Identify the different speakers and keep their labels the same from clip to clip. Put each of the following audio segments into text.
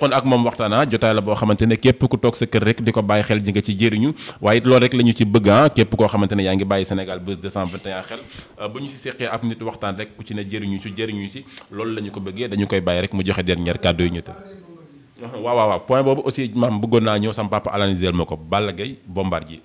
Speaker 1: seqoon ak moom waxtaana ah, jotaay la boo xamante ne képp ku toog sa kër rek di ko bàyyi xel ji nga ci jëriñu waaye it loolu rek la ñu ci bëgg ah képp koo xamante ne yaa ngi bàyyi Sénégal Buzz 221 xel euh, bu ñu si seqee ab nit waxtaan rek ku ci ne jëriñu ci jariñu ci loolu la ñu ko bëggee dañu koy bàyyi rek mu joxe dernière kàddu yi ñu te waaw waaw waaw point boobu aussi maam bëggoon naa ñëw sama papa analyser ma ko Balla Gaye Bombardier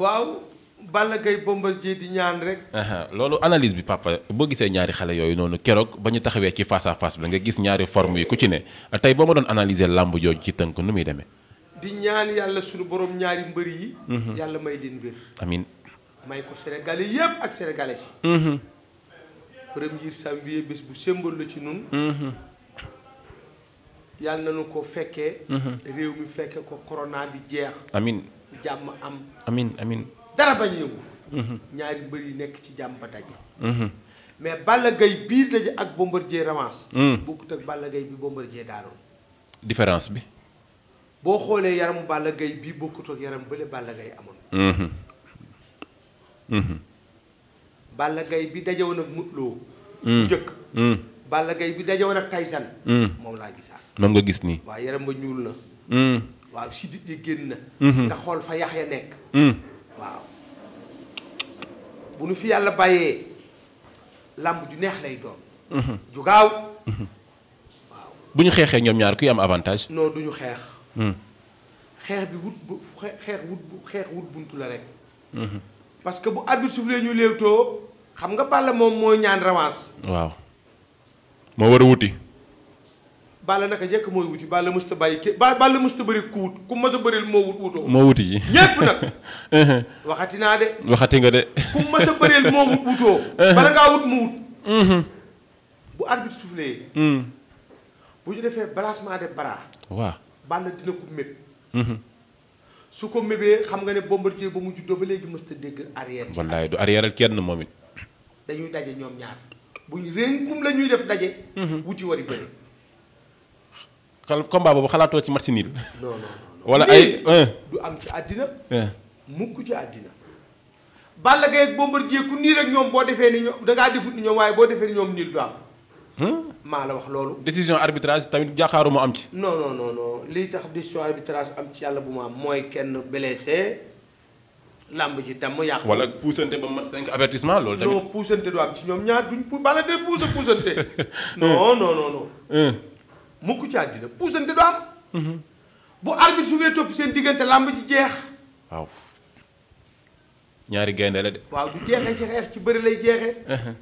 Speaker 2: waaw Balla Gaye Bombardier di ñaan rek.
Speaker 1: loolu analyse bi papa boo gisee ñaari xale yooyu noonu keroog ba ñu taxawee ci face à face bi nga gis ñaari forme yi ku ci ne tey boo ma doon analyser làmb jooju ci tënk nu muy demee.
Speaker 2: di ñaan yàlla suñu boroom ñaari mbër yi. Mhm. yàlla may leen wér. amiin may ko sénégalais yépp ak sénégalais yi. Mhm. premier janvier bés bu symbole la ci nun mhm. yàlla nañu ko fekkee. réew mi fekkee ko corona bi jeex. amiin jàmm am. amiin amiin. dara bañ yëngu. ñaari mbër yi nekk ci jàmm ba daje. mais Balla Gaye bii daje ak Bombardier revanche. Hmm. bokkut ak Balla Gaye bi Bombardier daanoon. différence bi. boo xoolee yaramu Balla Gaye bii bokkut yaram bële Balla gay amoon.
Speaker 1: Hmm. Hmm.
Speaker 2: Balla bi daje woon ak Modou jëkk. Balla Gaye bi daje woon ak Tyson. moom laa gisaat. moom nga gis nii. waaw yaram ba ñuul na. waaw sidit yi génn na. nga xool fa yax ya nekk. waaw bu nu fi yàlla bàyyee làmb ju neex lay doon. Mhm. ju gaaw.
Speaker 1: Mhm. waaw bu ñu xeexee ñoom ñaar kuy am avantage.
Speaker 2: non du ñu xeex. Hmm. xeex bi wut bu xeex wut bu xeex wut buntu la rek. Mhm. parce que bu arbitre soufflé ñu léewtoo xam nga Balla moom mooy ñaan revanche.
Speaker 1: waaw moo war a wuti.
Speaker 2: Balla naka jekk mooy wuti Balla mës ta bàyyi kii Balla mës ta bëri ku wut ku mës a bëril moo wut wutoo. moo wuti ji
Speaker 1: ñépp nag. Uh-huh. waxati naa de. waxati nga de. a bëril moo wut
Speaker 2: wutoo. Uh-huh. bala ngaa uh-huh. hmm. ñu defee balancement de bras. waaw Balla dina ko su ko mébee xam nga ne Bombardier ba mu juddoo ba léegi mës ta dégg arrière. wallaay du
Speaker 1: arrière kenn moom it.
Speaker 2: dañuy daje ñoom ñaar bu ñu rénkum ñuy def daje. wuti wari bëri.
Speaker 1: combat boobu xalaatoo ci match nul. non non wala ay. du
Speaker 2: am ci àddina. mukk ci àddina. Balla Gaye ak Bombardier ku nii rek ñoom boo defee ni ñoom dangaa defut ni ñoom waaye boo defee ni ñoom niil du am. Hmm? maa la wax loolu.
Speaker 1: décision arbitrage tamit jàkkaaru mu am ci.
Speaker 2: non non non non liy tax décision arbitrage am ci yàlla bu ma am mooy kenn blessé làmb ji damm yàqu. wala puusante ba mat cinq avertissement loolu tamit. non puusante du am ci ñoom ñaar duñ pour Balla de puusa puusante.
Speaker 1: non non non non.
Speaker 2: mukk ci àddina puusante du am. Mhm. bu arbitre su fee topp seen diggante làmb ji jeex.
Speaker 1: waaw ñaari gaynde la de. waaw
Speaker 2: du jeexee ci xeex ci bari lay jeexee. Uh-huh.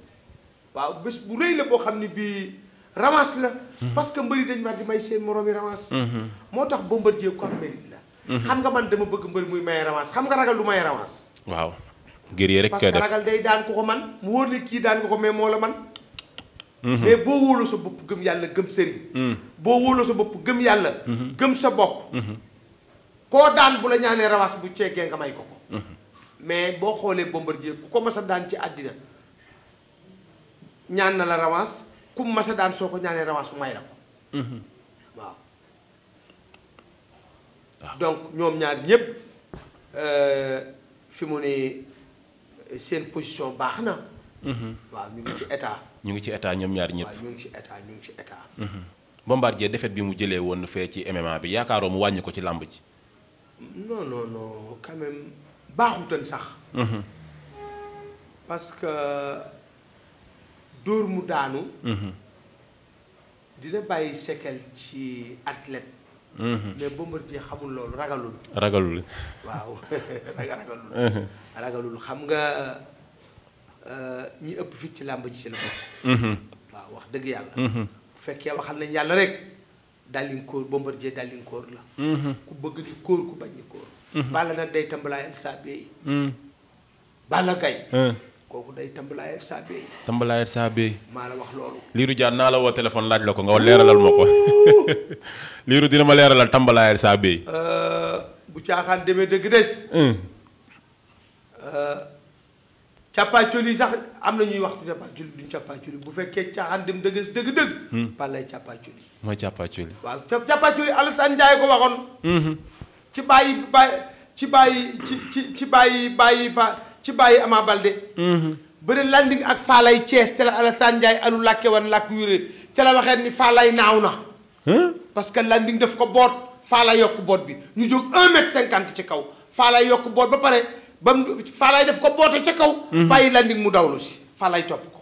Speaker 2: waaw bés bu rëy la boo xam ne bii ramas la. Uh-huh. parce que mbëri dañ ma di may seen moroomi ramas. Uh-huh. moo tax Bombardier ko am mérite la. xam nga man dama bëgg mbëri muy may ramas xam nga ragal du may ramas.
Speaker 1: waaw. guerrier rek parce que ragal
Speaker 2: day daan ko ko man mu wóor ne kii daan ko ko mais moo la man. Mm-hmm. mais boo wóolu sa bopp gëm yàlla gëm sëriñ. Mm. boo wóolu sa bopp gëm yàlla. Mm-hmm. gëm sa bopp. Mm-hmm. koo daan bu la ñaanee rawaas bu ceegee nga may ko ko. mais boo xoolee Bombardier ku ko mas a daan ci àddina ñaan na la rawaas ku masa daan soo ko ñaanee rawaas mu may la ko. waaw. Ah. donc ñoom ñaar ñëpp euh, fi mu ne seen position baax na. waaw ñu ngi ci état.
Speaker 1: ñu ngi ci état ñoom ñaar ñëpp waaw
Speaker 2: ñu ngi ci état ñu ngi ci état.
Speaker 1: Mhm. Bombardier défaite bi mu jëlee woon fee ci MMA bi yaakaaroo mu wàññi ko ci làmb ji.
Speaker 2: non non non quand même sax. Mhm. parce que dóor mu daanu. Mhm. dina bàyyi séquelle ci athlète. mais Bombardier xamul loolu ragalul. ragalul ragalul. ragalul xam nga. ñi ëpp fit ci làmb ji ci la bokk. Mhm. waaw wax dëgg yàlla. Mhm. bu fekkee waxal nañ yàlla rek daalin kóor Bombardier daalin kóor la. Mhm. ku bëgg ni kóor ku bañ ni kóor. Balla nag day tambalaayal saa beey. Balla Gaye. kooku day tambalaayal saa beey.
Speaker 1: tambalaayal saa beey. maa la wax loolu. liiru jaar naa la woo téléphone laaj la ko nga leeralal ma ko liiru dina ma leeralal tambalaayal saa beey.
Speaker 2: càppaacoli yi sax am na ñuy wax ci càppaacoli bu fekkee caaxaan dem dëgg dëgg-dëgg. Palay hmm. càppaacoli.
Speaker 1: mooy càppaacoli. waaw
Speaker 2: càppaacoli Alassane Ndiaye ko waxoon. Hmm. ci bàyyi bàyyi ci bàyyi ci ci ci bàyyi bàyyi fa ci bàyyi Ama Balde. Hmm. bëri landing ak Faalay Thiès ca la Alassane Ndiaye alu làkke wan làkk wure ca la waxee ni Faalay naaw na. parce que landing daf ko boot Faalay yokk boot bi ñu jóg 1 mètre ci kaw Faalay yokk boot ba pare. ba mu Faalaay daf ko boote ca kaw. Mhm. bàyyi landing mu dawlu si Faalaay topp ko.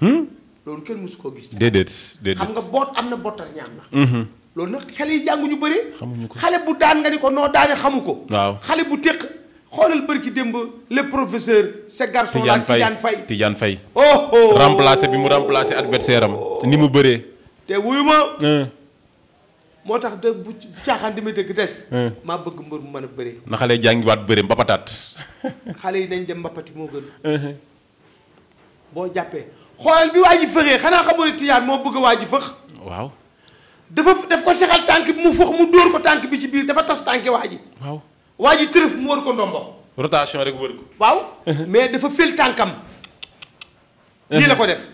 Speaker 2: Hmm? loolu kenn mësu koo
Speaker 1: gis. déedéet déedéet xam nga
Speaker 2: boot am na bootar ñaam na. Mhm. loolu nag xale yi ñu bëri. xamuñu ko xale bu daan nga ni ko noo daane xamu ko. waaw xale bu teq xoolal bërki démb le professeur. ce garçon là Tidiane Faye
Speaker 1: Tidiane Faye. oh oh remplacé bi mu remplacé adversaire am ni mu bëree.
Speaker 2: te wuyu ma. moo tax de bu caaxaan di ma dëgg des. Hmm. maa bëgg mbër mu man a bëree. na
Speaker 1: xale yi jàngiwaat bëree mbapataat.
Speaker 2: xale yi dañ dem mbapati moo gën. Hmm. boo jàppee xoolal bi waa ji fëxee xanaa xamoo ne Tijaan moo bëgg waa ji fëx. waaw. dafa daf ko sexal tànk bi mu fëx mu dóor ko tànk bi ci biir dafa tas tànki waa ji. waaw waa ji tërëf mu wër ko ndombo.
Speaker 1: rotation rek wër ko.
Speaker 2: waaw. Hmm. mais dafa fël tànkam. lii la ko def.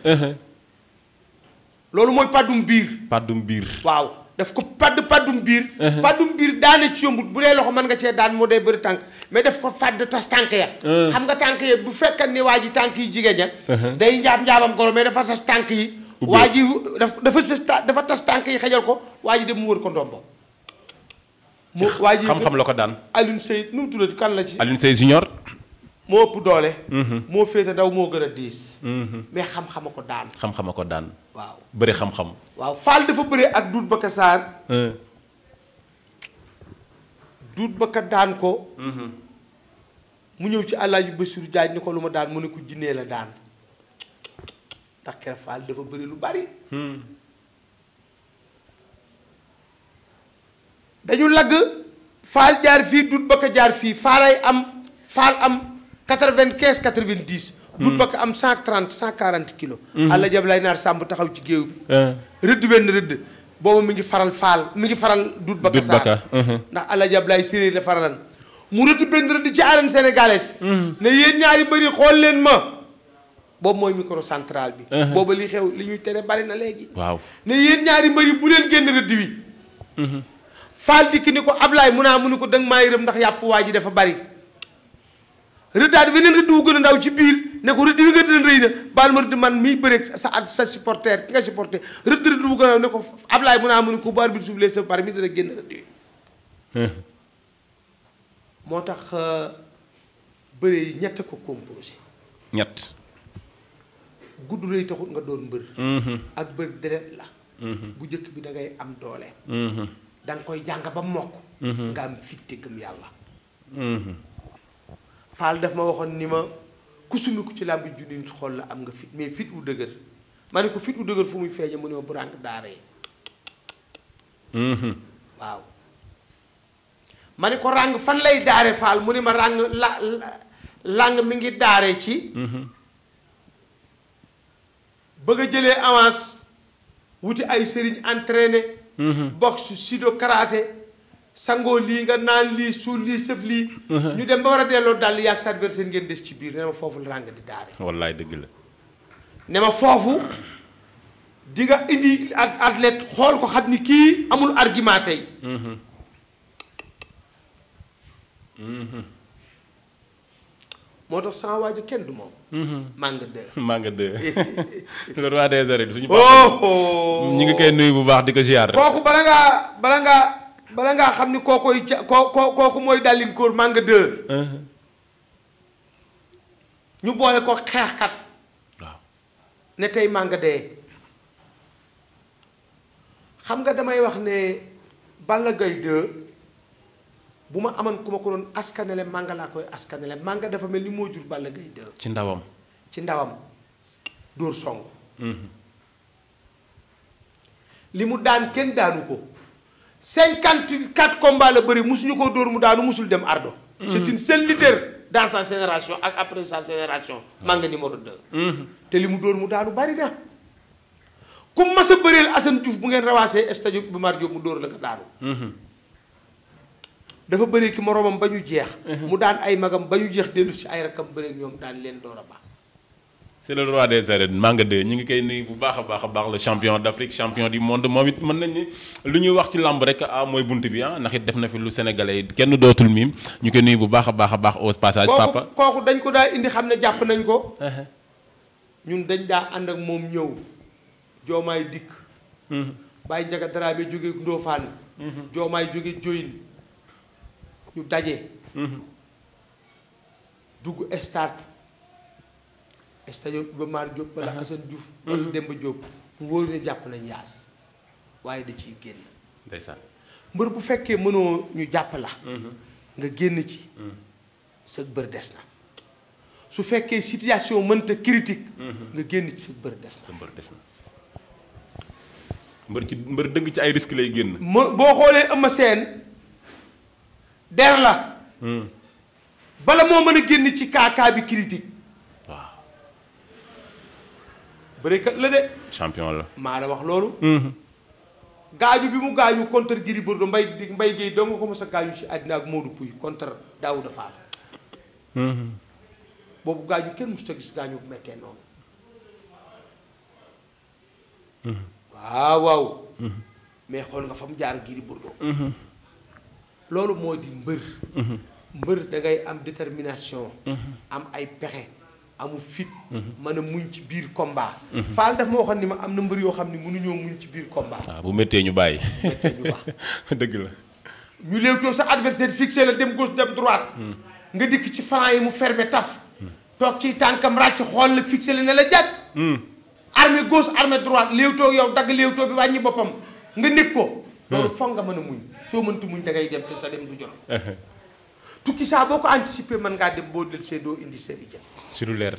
Speaker 2: loolu mooy pàddum biir.
Speaker 1: pàddum biir
Speaker 2: waaw. daf ko padd paddum biir paddum uh-huh. biir daane ci yombut bu dee loxo mën nga cee daan moo dee bëri tànk mais def ko fàdd tas tànk ya uh-huh. xam nga tànk ya bu fekkan ni waa ji tànk yi jigéen ña uh-huh. day njaam njaamam goro mais dafa tas tànk yi waa ji dafa dafa tas tànk yi xajal ko waa ji dem mu wër ko ndombo waa ji xam-xam la ko daan Alioune Seye nu mu tuddati kan la ci
Speaker 1: Alioune Seye junior
Speaker 2: moo ëpp doole. Mhm. moo féete ndaw moo gën a
Speaker 1: diis. Mhm. mais xam-xama ko daan. xam-xama ko daan. waaw bëri xam-xam.
Speaker 2: waaw Fall dafa bëri ak duut ba ka saar. Euh. duut ba daan ko. Mhm. mu ñëw ci Alaaji Basiru Jaaj ni ko lu ma daan mu ne ko jinnee la daan ndax kere Fall dafa bëri lu bari. Hmm. dañu lagg Fall jaar fii duut ba jaar fii Faalay am Fall am. 95 90. du bakk am cent 140 kilos. àlla hmm. jab lay naar sàmb taxaw ci géew bi. Eh. rëdd benn rëdd. booba mi ngi faral faal mi ngi faral dut bakka saar ndax àlla jab lay séeréer la faralan mu rëdd benn rëdd ci arène sénégalaise. Hmm. ne yéen ñaari bëri xool leen ma. boobu mooy micro central bi. Uh-huh. booba li xew li ñuy tere bari na léegi. waaw ne yéen ñaari mbëri bu leen génn rëdd wi. Uh-huh. faal dikk ni ko Ablaay mu naa mu ni ko danga maa yërëm ndax yàpp waa ji dafa bari. rëddaat weneen rëdd wu gën a ndaw ci biir ne ko rëdd wi nga dina rëy na baal ma rëdd man mii bëreeg sa at sa supporter ki nga supporter rëdd rëdd wu gën a ne ko Ablaye mu naa mu ne ko bu arbitre bi soufflé sa par mi dana génn rëdd wi eh. moo tax euh, bëre yi ñett ko composé ñett gudd rëy taxut nga doon mbër mm-hmm. ak bër deret la
Speaker 1: mm-hmm. bu
Speaker 2: njëkk bi da ngay am doole mm-hmm. da koy jàng ba mokk nga am fitte gëm yàlla Fall daf ma waxoon ni ma ku ci làmb junni nit xool la am nga fit mais fit wu dëgër ma ko fit wu dëgër fu muy feeñe mu ne ma ràng daara yi mhm. waaw ma ne ko ràng fan lay daare Fall mu ne ma ràng la làng mi ngi daare ci mhm. bëgg a jëlee avance wuti ay sëriñ entraîné mhm. boxe judo karaté sangoo lii nga naan lii suul lii sëf lii. Uh-huh. ñu dem ba war a delloo dàll yàgg sa seen ngeen des ci biir ne ma foofu la ràng di daare.
Speaker 1: wallaay dëgg la.
Speaker 2: ne ma foofu dinga nga indi athlète xool ko xam ni kii amul argument tey.
Speaker 1: Uh-huh. Uh-huh.
Speaker 2: moo tax sama waaju kenn du moom. mànga dë. mànga dë
Speaker 1: le roi des arènes suñu. Oh! ñu ngi koy nuyu bu baax di ko ziar. kooku
Speaker 2: bala ngaa bala ngaa. bala ngaa xam ni kookoy ca koo koo kooku mooy dàllinkoor mànga deux uh-huh. ñu boole ko xeexkat waaw ne tey mànga dee xam nga damay wax ne Balla Gaye 2 bu ma amoon ku ma ko doon askanele mànga laa koy askanele mànga dafa mel ni moo jur Balla Gaye 2 ci ndawam ci ndawam dóor song mm-hmm. li mu daan kenn daanu ko cinquante quatre combats la bëri musuñu ko dóor mu daanu mosul dem ardo mm. c'est une seule leader dans sa génération ak après sa génération mm. Manga numéro deux mm. te li mu dóor mu daanu bari na ku mas a bëreel Assane Diouf bu ngeen rawaasee stade bu Mar Diop mu dóor la nga daanu mm-hmm. dafa bëri ki moroomam ba ñu jeex mm-hmm. mu daan ay magam ba ñu jeex dellu si ay rakkam bëri ñoom daan leen door a baax
Speaker 1: c'est le roi des arènes Manga 2 ñu ngi koy nuyu bu baax a baax a baax le champion d'Afrique champion du monde moom it mën nañ lu ñuy wax ci làmb rek ah mooy bunt bi ah ndax it def na fi lu sénégalais yi kenn dootul miim ñu koy nii bu baax a baax a baax au passage papa
Speaker 2: kooku dañ ko daa indi xam ne jàpp nañ ko uh-huh. ñun dañ daa ànd ak moom ñëw joomaay dikk uh-huh. bàyyi njaga dara bi jóge Ndofane uh-huh. joomaay jóge Joyin ñu daje dugg stade stade Iba Mar Diop wala Assane Diouf mhm. wala jóob Diop wóor ne jàpp nañ yaas waaye da ciy génn
Speaker 1: mbër
Speaker 2: bu fekkee mënoo ñu jàpp la mhm. nga génn ci mhm. sa bër des na su fekkee situation mënta critique nga génn ci sa bër des na bër des na
Speaker 1: mbër ci mbër dëgg ci ay risque lay génn
Speaker 2: moo boo xoolee ëmma seen der la bala moo mën a génn ci kaakaa bi bëreekat la de. champion la. maa la wax loolu. Mhm. gaaju bi mu gaaju contre Gris Bordeaux mbay mbay géey doo nga ko mos a gaaju ci àddina ak Modou Pouy contre Daouda Fall. Mhm. boobu gaaju kenn mosut a gis gaaju bu méttee noonu. Mhm. waaw waaw. mais xool nga fa mu jaar Gris Bordeaux. loolu moo di mbër. mbër da ngay am détermination. am ay pexe. amul fit. Mhm. mën a muñ ci biir combat. Mhm. Fall daf ma waxoon ni ma am na mbër yoo xam ne mënuñoo muñ ci biir combat. Ah,
Speaker 1: bu méttee ñu bàyyi. dëgg la.
Speaker 2: ñu léewtoo sa adversaire fixé la dem gauche dem droite. Hmm. nga dikk ci franc yi mu fermé taf. Hmm. toog ci tànkam ràcc xool la fixé la ne la jàkk. Hmm. armée gauche armée droite léewtoo yow dagg léewtoo bi wàññi boppam nga nekk ko. loolu foog nga mën a muñ soo mënti muñ dangay dem te sa dem du jot. tukki saa boo ko anticiper mën ngaa dem boo indi
Speaker 1: si lu leer.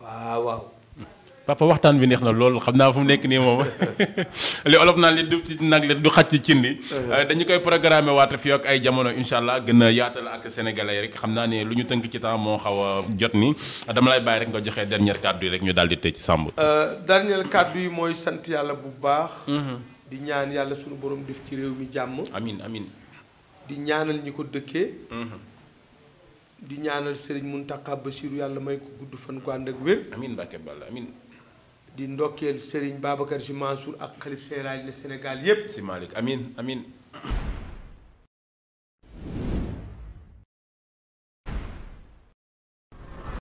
Speaker 1: waaw waaw. papa waxtaan bi neex na lool xam naa fu mu nekk nii moom li olof naan li du nag du xaj ci cin li uh-huh. uh, dañu koy programmé waat fii ay jamono incha allah gën a yaatal ak sénégalais rek xam naa ne lu ñu tënk ci temps moo xaw a jot ni dama lay bàyyi rek nga joxe dernière kàddu yi rek ñu daal di tëj ci sàmb.
Speaker 2: Uh, dernière kàddu yi mooy sant yàlla bu baax. Uh-huh. di ñaan yàlla sunu borom def ci réew mi jàmm. amin amin di ñaanal ñi ko dëkkee. Uh-huh. di ñaanal sëriñ Mountakha Bassirou yàlla may ko gudd fan ko ànd ak wér. amiin Mbacke Balla di ndokkeel sëriñ Babacar Sy Mansour ak xalif général Sénégal yépp si Malick amiin amiin.